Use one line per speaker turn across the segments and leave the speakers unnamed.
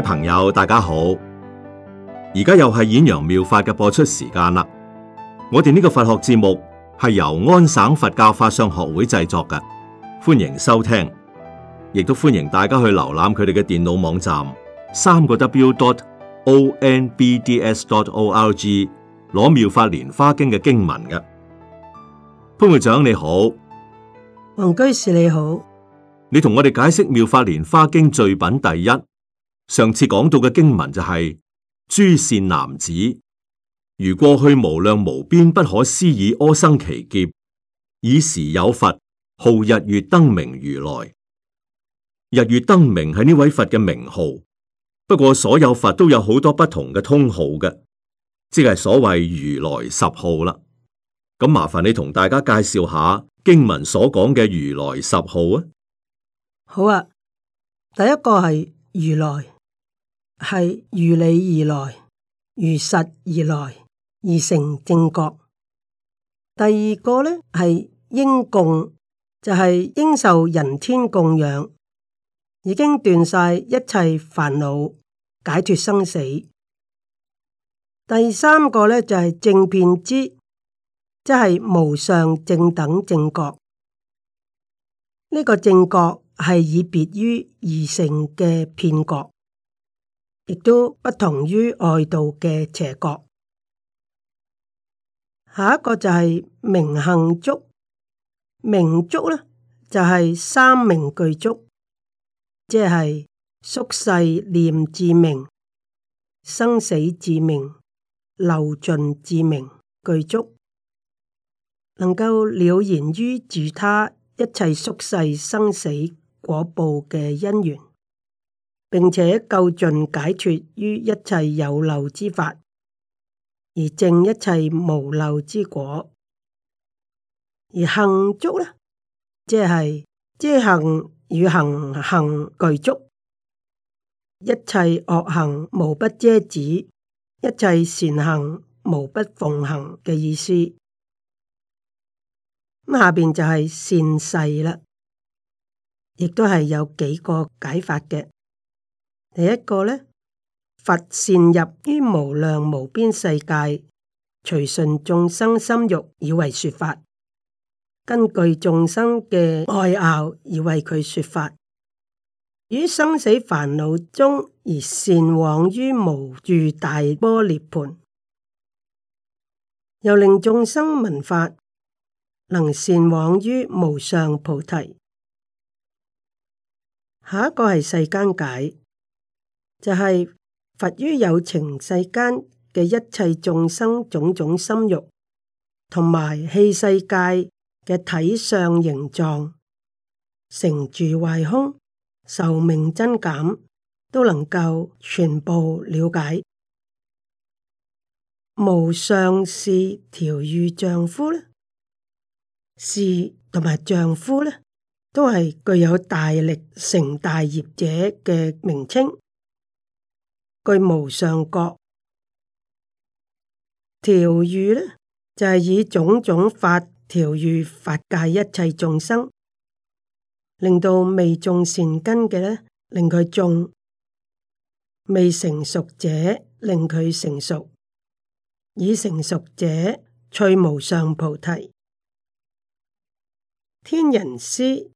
朋友，大家好！而家又係演揚妙法嘅播出時間啦。我哋呢個佛學節目係由安省佛教法相學會製作嘅，歡迎收聽，亦都歡迎大家去瀏覽佢哋嘅電腦網站三個 W dot O N B D S dot O R G，攞妙法蓮花經嘅經文嘅。潘會長你好，
黃居士你好，
你同我哋解釋妙法蓮花經序品第一。上次講到嘅經文就係、是、諸善男子，如過去無量無邊不可思議阿僧祇劫，以時有佛號日月燈明如來。日月燈明係呢位佛嘅名號，不過所有佛都有好多不同嘅通號嘅，即係所謂如來十號啦。咁麻煩你同大家介紹下經文所講嘅如來十號
啊。好啊，第一個係如來。係如理而來，如實而來而成正覺。第二個呢，係應供，就係、是、應受人天供養，已經斷晒一切煩惱，解脱生死。第三個呢，就係、是、正遍知，即係無上正等正覺。呢、這個正覺係以別於二乘嘅偏覺。亦都不同於外道嘅邪覺。下一個就係明行足明足啦，就係三明俱足，即係宿世念智明、生死智明、漏盡智明俱足，能夠了然於自他一切宿世生死果報嘅因緣。並且夠盡解脫於一切有漏之法，而證一切無漏之果。而行足呢，即係遮行與行與行具足，一切惡行無不遮止，一切善行無不奉行嘅意思。咁下邊就係善逝啦，亦都係有幾個解法嘅。第一個呢，佛善入於無量無邊世界，隨順眾生心欲以為說法，根據眾生嘅愛拗以為佢說法，於生死煩惱中而善往於無住大般涅槃，又令眾生聞法能善往於無上菩提。下一個係世間解。就係佛於有情世間嘅一切眾生種種心欲，同埋器世界嘅體相形狀，成住壞空、壽命增減，都能夠全部了解。無上士調御丈夫呢？士同埋丈夫呢？都係具有大力成大業者嘅名稱。具無上國調御呢就係、是、以種種法調御法界一切眾生，令到未種善根嘅呢令佢種；未成熟者，令佢成熟；已成熟者，趣無上菩提。天人師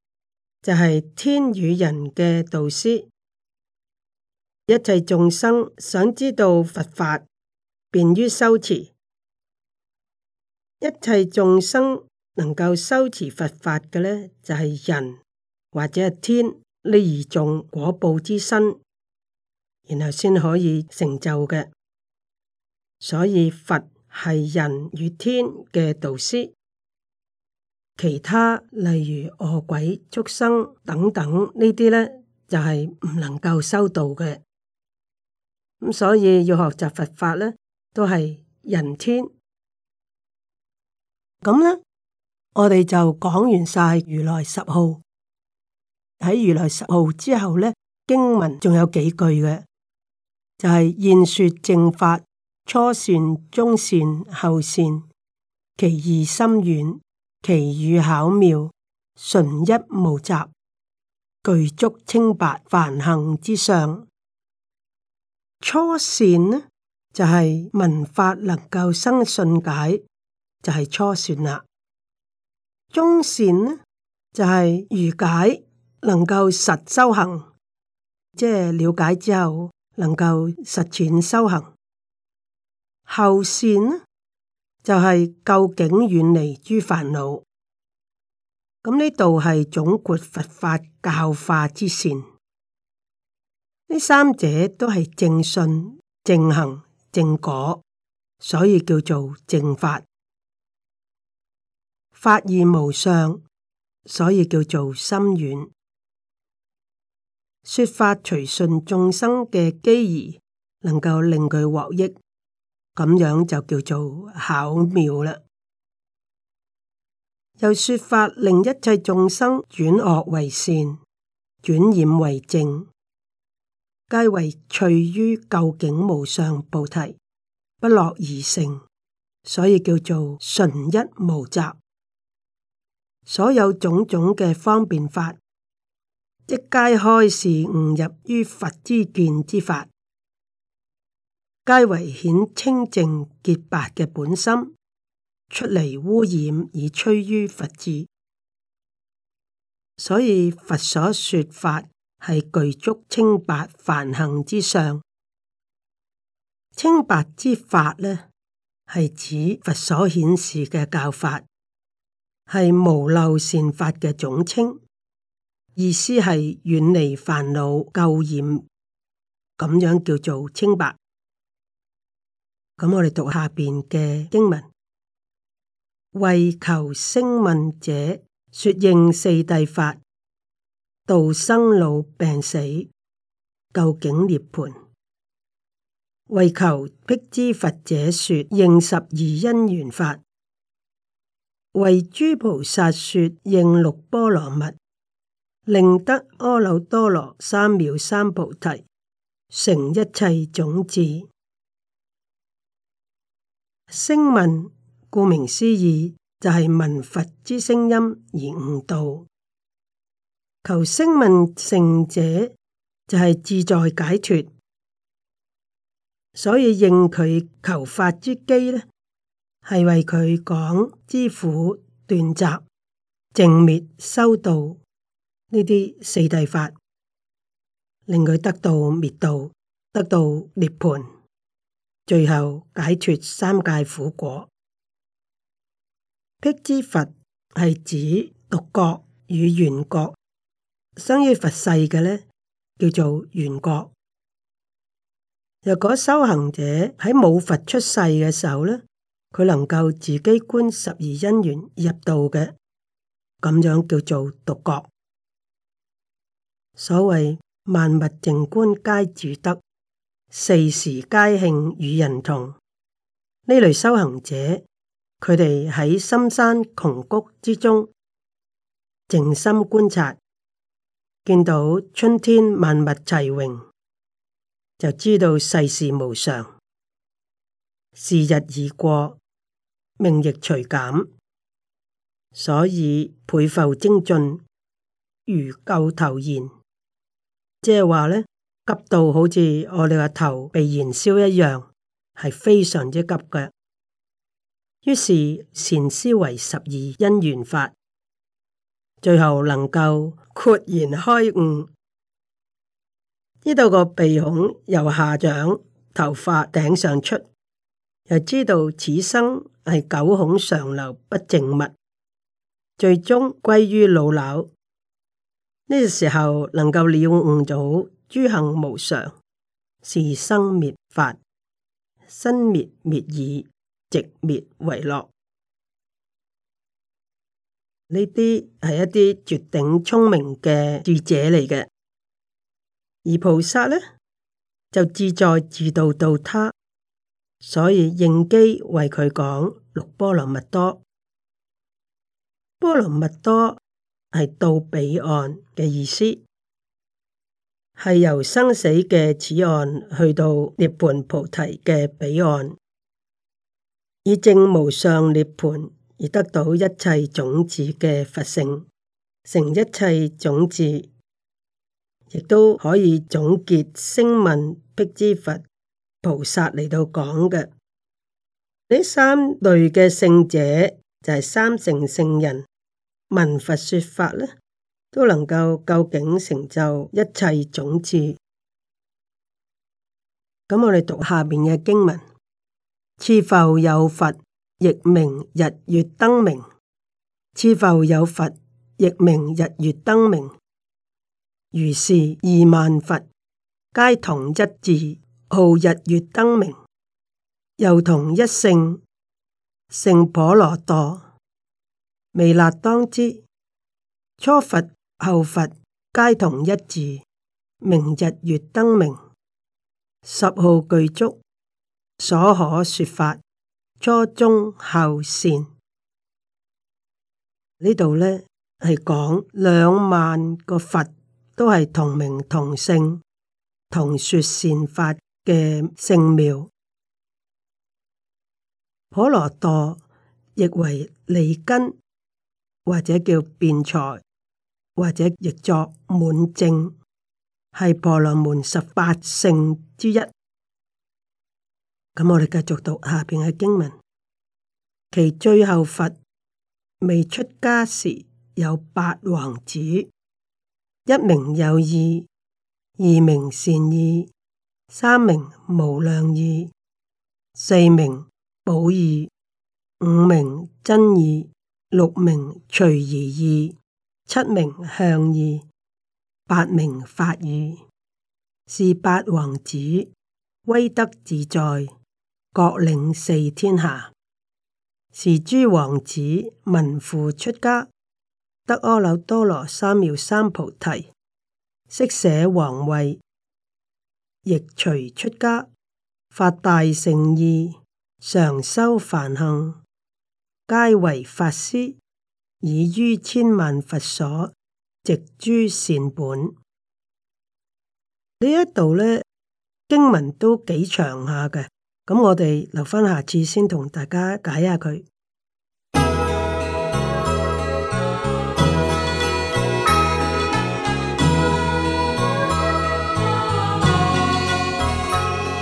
就係、是、天與人嘅導師。一切眾生想知道佛法，便於修持。一切眾生能夠修持佛法嘅呢，就係、是、人或者係天呢二種果報之身，然後先可以成就嘅。所以佛係人與天嘅導師，其他例如餓鬼、畜生等等呢啲呢，就係、是、唔能夠修道嘅。咁、嗯、所以要學習佛法咧，都係人天。咁咧，我哋就講完晒如來十號。喺如來十號之後咧，經文仲有幾句嘅，就係、是、演說正法，初善、中善、後善，其義深遠，其語巧妙，純一無雜，具足清白凡行之相。初善呢，就係聞法能夠生信解，就係、是、初善啦。中善呢，就係如解能夠實修行，即係了解之後能夠實踐修行。後善呢，就係究竟遠離諸煩惱。咁呢度係總括佛法教化之善。呢三者都係正信、正行、正果，所以叫做正法。法義無上，所以叫做深遠。說法隨順眾生嘅機宜，能夠令佢獲益，咁樣就叫做巧妙啦。又說法令一切眾生轉惡為善，轉染為正。皆為趣於究竟無上菩提，不落二乘，所以叫做純一無雜。所有種種嘅方便法，一皆開示悟入於佛之見之法，皆為顯清淨潔白嘅本心，出離污染，而趨於佛智。所以佛所說法，係具足清白梵行之相，清白之法呢，係指佛所顯示嘅教法，係無漏善法嘅總稱，意思係遠離煩惱垢染，咁樣叫做清白。咁我哋讀下邊嘅經文，為求聲聞者說應四諦法。道生老病死，究竟涅槃，為求辟支佛者說應十二因緣法；為諸菩薩說應六波羅蜜，令得阿耨多羅三藐三菩提，成一切種子聲聞。顧名思義，就係、是、聞佛之聲音而悟道。求聲聞聖者就係志在解脫，所以應佢求法之機呢，係為佢講知苦斷集、淨滅修道呢啲四諦法，令佢得到滅道，得到涅槃，最後解脫三界苦果。辟支佛係指獨覺與緣覺。生於佛世嘅呢，叫做緣覺；若果修行者喺冇佛出世嘅時候呢，佢能夠自己觀十二因緣入道嘅，咁樣叫做獨覺。所謂萬物靜觀皆自得，四時皆慶與人同。呢類修行者，佢哋喺深山窮谷之中靜心觀察。見到春天萬物齊榮，就知道世事無常，時日已過，命亦隨減，所以倍復精進，如救頭燃。即係話咧，急到好似我哋個頭被燃燒一樣，係非常之急嘅。於是禪師為十二因緣法。最後能夠豁然開悟，呢度個鼻孔由下長，頭髮頂上出，又知道此生係九孔常流不淨物，最終歸於老朽。呢個時候能夠了悟就好，諸行無常，是生滅法，生滅滅已，寂滅為樂。呢啲係一啲絕頂聰明嘅智者嚟嘅，而菩薩咧就自在自度度他，所以應機為佢講六波羅蜜多。波羅蜜多係到彼岸嘅意思，係由生死嘅此岸去到涅槃菩提嘅彼岸，以證無上涅槃。而得到一切種子嘅佛性，成一切種子，亦都可以總結聲聞辟支佛菩薩嚟到講嘅呢三類嘅聖者，就係、是、三乘聖人聞佛說法呢，都能夠究竟成就一切種子。咁我哋讀下面嘅經文：次復有佛。亦名日月燈明，次復有佛，亦名日月燈明。如是二萬佛，皆同一字號日月燈明，又同一姓，姓婆羅多。彌勒當知，初佛後佛，皆同一字名日月燈明。十號具足，所可說法。初中後善呢度呢，係講兩萬個佛都係同名同姓同說善法嘅聖苗，婆羅多亦為利根，或者叫辯才，或者亦作滿正，係婆羅門十八聖之一。咁我哋繼續讀下邊嘅經文，其最後佛未出家時有八王子，一名有義，二名善意，三名無量義，四名寶義，五名真義，六名隨義義，七名向義，八名法義，是八王子威德自在。國領四天下，是諸王子聞父出家，得阿耨多羅三藐三菩提，悉捨王位，亦隨出家，發大乘意，常修梵行，皆為法師，以於千萬佛所植諸善本。呢一度呢經文都幾長下嘅。咁我哋留翻下次先同大家解，解下佢。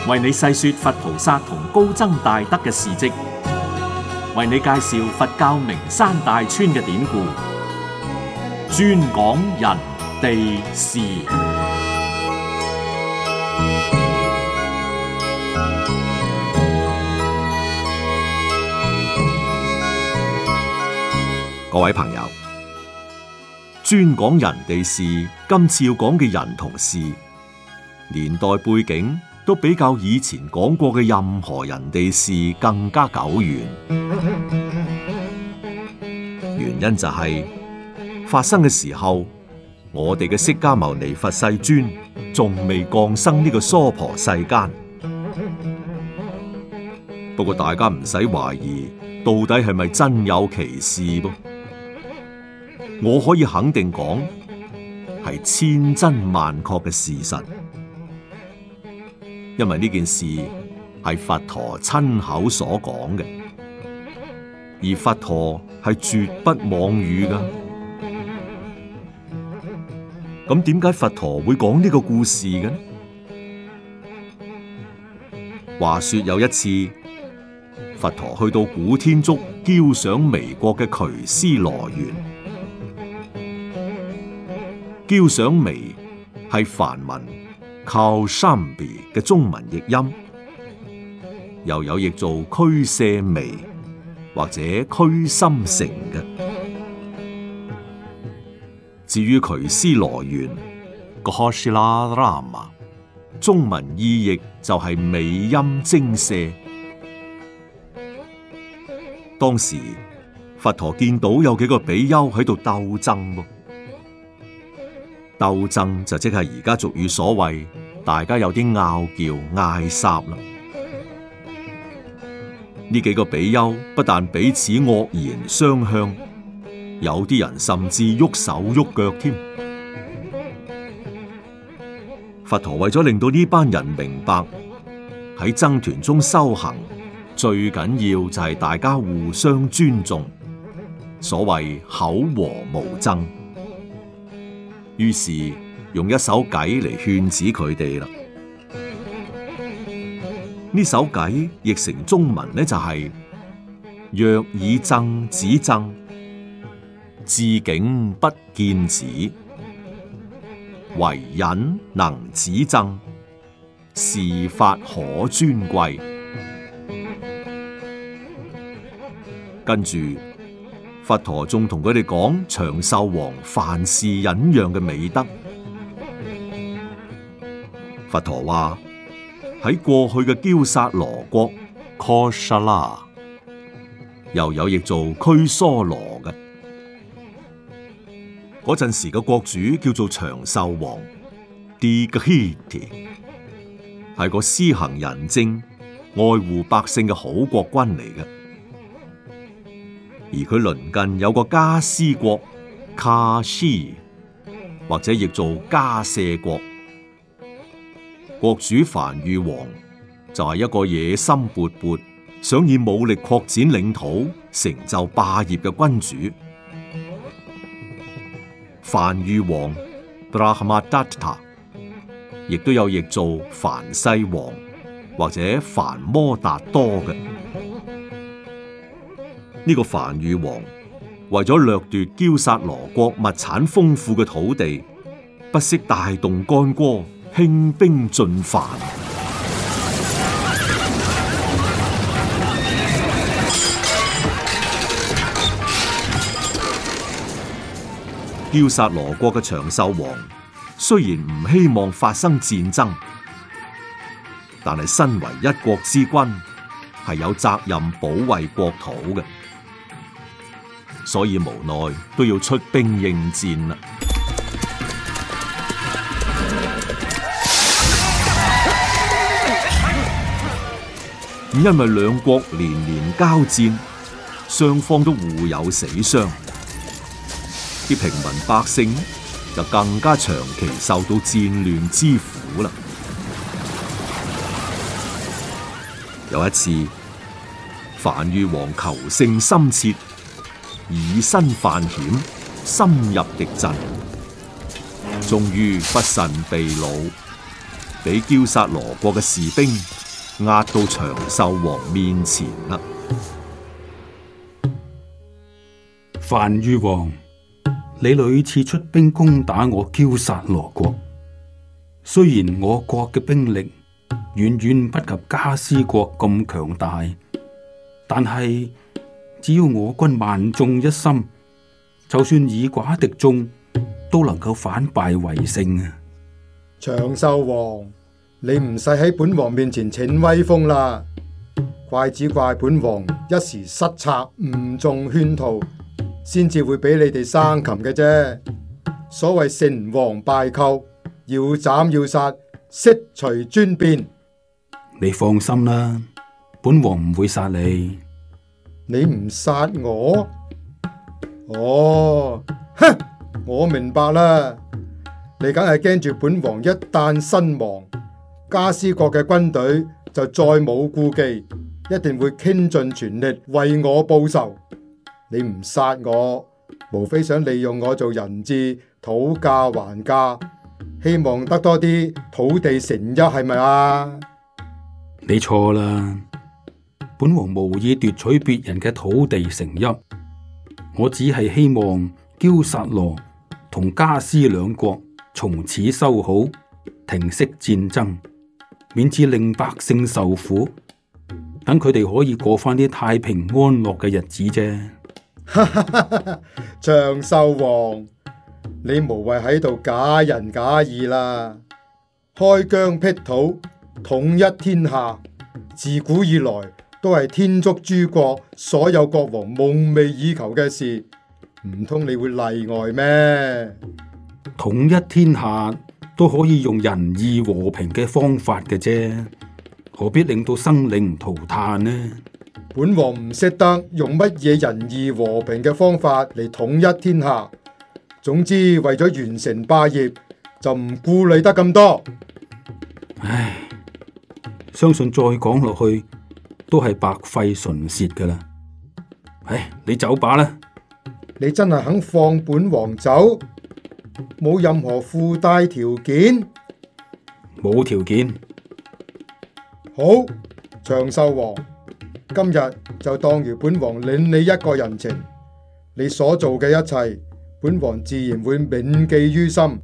為你細說佛菩薩同高僧大德嘅事蹟，為你介紹佛教名山大川嘅典故，專講人地事。各位朋友，專講人哋事，今次要講嘅人同事，年代背景都比較以前講過嘅任何人哋事更加久遠。原因就係發生嘅時候，我哋嘅釋迦牟尼佛世尊仲未降生呢個娑婆世間。不過大家唔使懷疑，到底係咪真有其事噃？我可以肯定講，係千真萬確嘅事實，因為呢件事係佛陀親口所講嘅，而佛陀係絕不妄語㗎。咁點解佛陀會講呢個故事嘅呢？話說有一次，佛陀去到古天竺憍賞彌國嘅瞿師羅園。憍賞彌係梵文 Kosambi 嘅中文譯音，又有譯做拘舍彌或者拘睒城嘅。至於瞿師羅園個 Ghositarama，中文意譯就係美音精舍。當時佛陀見到有幾個比丘喺度鬥爭。鬥爭就即係而家俗語所謂，大家有啲拗叫嗌殺啦。呢幾個比丘不但彼此惡言相向，有啲人甚至喐手喐腳添。佛陀為咗令到呢班人明白喺僧團中修行最緊要就係大家互相尊重，所謂口和無爭。於是用一首偈嚟勸止佢哋啦。呢首偈譯成中文呢，就係、是：若以爭止爭，自境不見止，唯忍能止爭，是法可尊貴。跟住。佛陀仲同佢哋講長壽王凡事忍讓嘅美德。佛陀話喺過去嘅嬌薩羅國 （Kosala） 又有譯做拘娑羅嘅嗰陣時嘅國主叫做長壽王 （Dighiti），係個施行仁政、愛護百姓嘅好國君嚟嘅。而佢鄰近有個加斯國卡 a shi, 或者亦做加舍國，國主梵御王就係一個野心勃勃、想以武力擴展領土、成就霸業嘅君主。梵御王 （Brahmadatta） 亦都有譯做梵西王或者梵摩達多嘅。呢個梵與王為咗掠奪憍薩羅國物產豐富嘅土地，不惜大動干戈、興兵進犯。憍 薩羅國嘅長壽王雖然唔希望發生戰爭，但係身為一國之君，係有責任保衛國土嘅。所以無奈都要出兵應戰啦。因為兩國連連交戰，雙方都互有死傷，啲平民百姓就更加長期受到戰亂之苦啦。有一次，梵豫王求勝心切。以身犯險，深入敵陣，終於不慎被擄，被憍薩羅國嘅士兵押到長壽王面前啦。
梵豫王，你屢次出兵攻打我憍薩羅國，雖然我國嘅兵力遠遠不及迦尸國咁強大，但係，只要我軍萬眾一心，就算以寡敵眾，都能夠反敗為勝啊！
長壽王，你唔使喺本王面前逞威風啦！怪只怪本王一時失策，誤中圈套，先至會俾你哋生擒嘅啫。所謂成王敗寇，要斬要殺，悉隨尊便。
你放心啦，
本王唔會殺你。你唔殺我，哦，哼，我明白啦。你梗係驚住本王一旦身亡，迦尸國嘅軍隊就再冇顧忌，一定會傾盡全力為我報仇。你唔殺我，無非想利用我做人質，討價還價，希望得多啲土地成一，係咪啊？
你錯啦。本王無意奪取別人嘅土地城邑，我只係希望憍薩羅同迦尸兩國從此修好，停息戰爭，免至令百姓受苦，等佢哋可以過翻啲太平安樂嘅日子啫。
長壽王，你無謂喺度假仁假義啦！開疆闢土，統一天下，自古以來，都係天竺諸國所有國王夢寐以求嘅事，
唔通你會例外咩？統一天下都可以用仁義和平嘅方法嘅啫，何必令到生靈塗炭呢？本王唔識得用乜嘢仁義和平嘅方法
嚟統一天下，總之為咗完成霸業，就唔顧慮得咁多。
唉，相信再講落去。都係白費唇舌㗎喇！唉，你走吧啦！
你真係肯放本王走？冇任何附帶條
件？冇條件。
好，長壽王，今日就當如本王領你一個人情，你所做嘅一切，本王自然會銘記於心，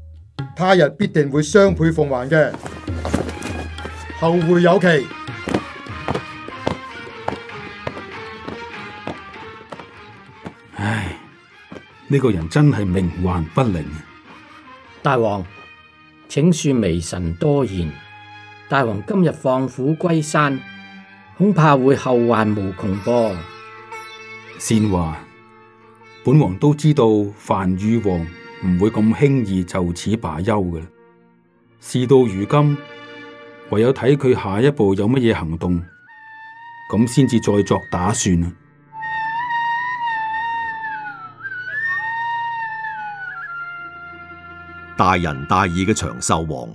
他日必定會雙倍奉還嘅。後會有期。
呢個人真係冥頑不靈，大王，請恕微臣多言。大王今日放虎歸山，恐怕會後患無窮噃。善華，本王都知道梵豫王唔會咁輕易就此罷休嘅。事到如今，唯有睇佢下一步有乜嘢行動，咁先至再作打算。
大仁大義嘅長壽王，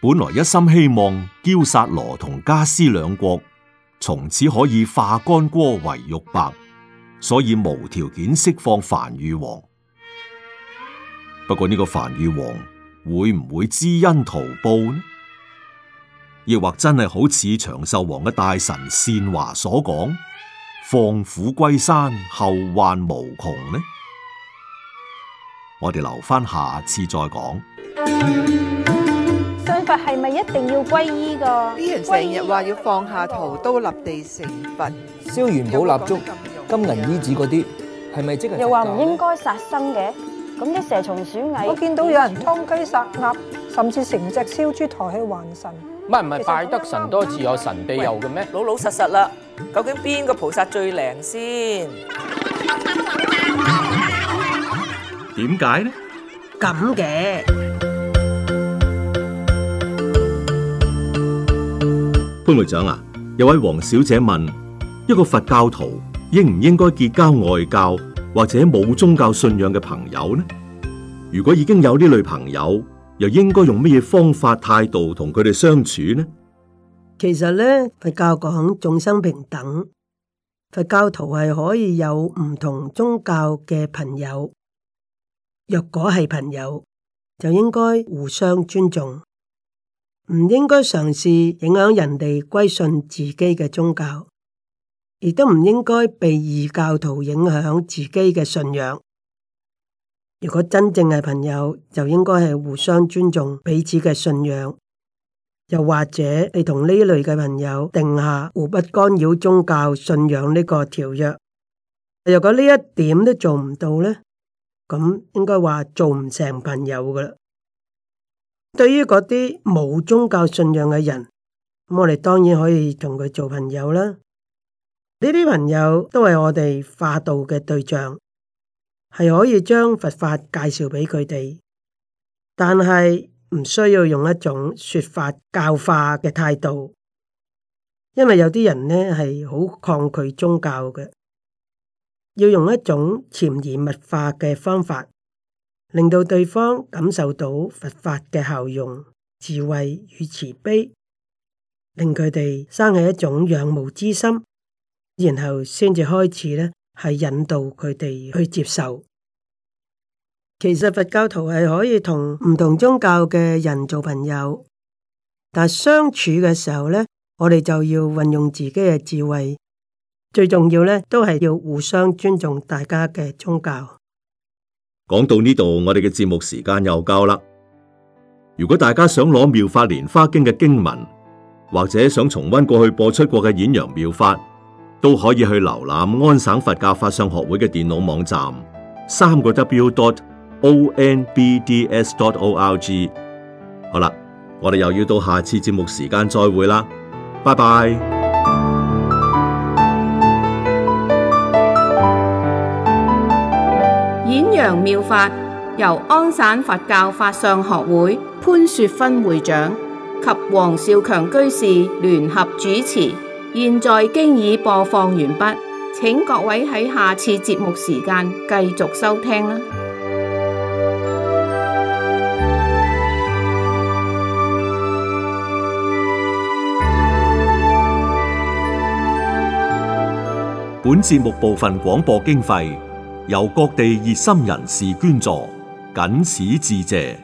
本來一心希望憍薩羅同迦尸兩國從此可以化干戈為玉帛，所以無條件釋放梵豫王。不過呢個梵豫王會唔會知恩圖報呢？亦或真係好似長壽王嘅大臣善華所講，放虎歸山後患無窮呢？我哋留翻下次再講。信佛係咪一定要皈依噶？啲人成日話要放下屠刀
立地成
佛，燒元寶蠟燭、金銀衣紙嗰啲，係咪即係？又話唔應
該殺生嘅，咁啲蛇蟲鼠蟻，我見到有人殺雞殺鴨，甚至成隻燒豬抬去還神。
唔係唔係，拜得神多自有神庇佑嘅咩？老老實實啦，究竟邊個菩薩最靈先？點解呢？
咁嘅
潘會長啊，有位黃小姐問：一個佛教徒應唔應該結交外教或者冇宗教信仰嘅朋友呢？如果已經有呢類朋友，又應該用乜嘢方法態度同佢哋相處呢？
其實咧，佛教講眾生平等，佛教徒係可以有唔同宗教嘅朋友。若果係朋友，就應該互相尊重，唔應該嘗試影響人哋歸信自己嘅宗教，亦都唔應該被異教徒影響自己嘅信仰。如果真正係朋友，就應該係互相尊重彼此嘅信仰，又或者你同呢類嘅朋友定下互不干擾宗教信仰呢個條約。若果呢一點都做唔到呢？咁應該話做唔成朋友㗎喇。對於嗰啲冇宗教信仰嘅人，咁我哋當然可以同佢做朋友啦。呢啲朋友都係我哋化導嘅對象，係可以將佛法介紹俾佢哋，但係唔需要用一種說法教化嘅態度，因為有啲人呢係好抗拒宗教嘅。要用一種潛移默化嘅方法，令到對方感受到佛法嘅效用、智慧與慈悲，令佢哋生起一種仰慕之心，然後先至開始呢，係引導佢哋去接受。其實佛教徒係可以同唔同宗教嘅人做朋友，但相處嘅時候呢，我哋就要運用自己嘅智慧。最重要咧，都係要互相尊重大家嘅宗教。
講到呢度，我哋嘅節目時間又夠啦。如果大家想攞《妙法蓮花經》嘅經文，或者想重溫過去播出過嘅演揚妙法，都可以去瀏覽安省佛教法相學會嘅電腦網站，三個 w.dot.o.n.b.d.s.dot.o.r.g。好啦，我哋又要到下次節目時間再會啦，拜拜。
妙法由安省佛教法相學會潘雪芬會長及黃少強居士聯合主持，現在經已播放完畢，請各位喺下次節目時間繼續收聽啦。
本節目部分廣播經費。由各地熱心人士捐助，謹此致謝。